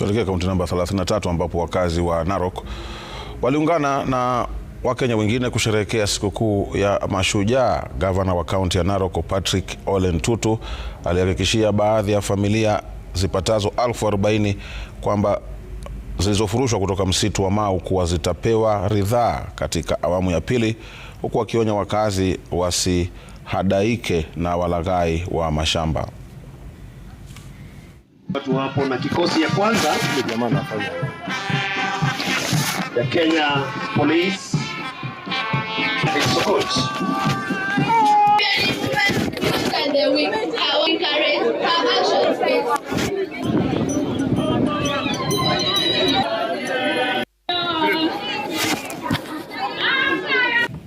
Tuelekee kaunti namba 33 ambapo wakazi wa Narok waliungana na Wakenya wengine kusherehekea sikukuu ya Mashujaa. Gavana wa kaunti ya Narok Patrick Ole Ntutu alihakikishia baadhi ya familia zipatazo elfu arobaini kwamba zilizofurushwa kutoka msitu wa Mau kuwa zitapewa ridhaa katika awamu ya pili, huku wakionya wakazi wasihadaike na walaghai wa mashamba. Watu hapo na kikosi ya kwanza ya Kenya Police Escort.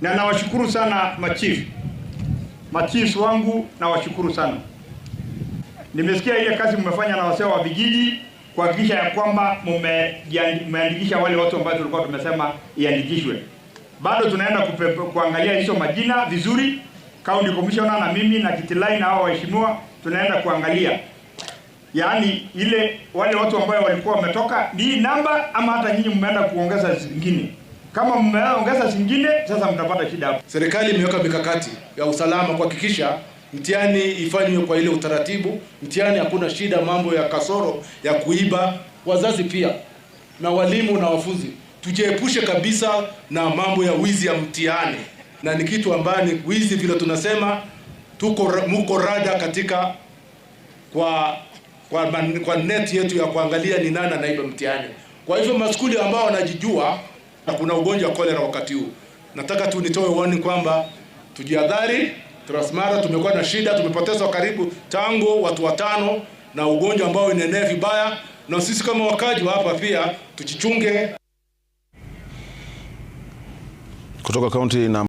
Na nawashukuru sana machifu machifu wangu, nawashukuru sana. Nimesikia ile kazi mmefanya na wasee wa vijiji kuhakikisha ya kwamba mmeandikisha wale watu ambao tulikuwa tumesema iandikishwe. Bado tunaenda kupepe, kuangalia hizo majina vizuri. County Commissioner na mimi na Kitilai na hao waheshimiwa tunaenda kuangalia yaani ile wale watu ambao walikuwa wametoka ni namba ama hata nyinyi mmeenda kuongeza zingine. Kama mmeongeza zingine, sasa mtapata shida hapo. Serikali imeweka mikakati ya usalama kuhakikisha mtihani ifanywe kwa ile utaratibu. Mtihani hakuna shida, mambo ya kasoro ya kuiba. Wazazi pia na walimu na wafunzi tujiepushe kabisa na mambo ya wizi ya mtihani, na ni kitu ambayo ni wizi vile tunasema tuko muko rada katika kwa kwa, man, kwa net yetu ya kuangalia ni nani anaiba mtihani. Kwa hivyo maskuli ambao wanajijua na kuna ugonjwa wa kolera wakati huu, nataka tu nitoe warning kwamba tujihadhari. Transmara tumekuwa na shida, tumepoteza karibu tangu watu watano na ugonjwa ambao unaenea vibaya, na sisi kama wakaji wa hapa pia tujichunge. Kutoka kaunti na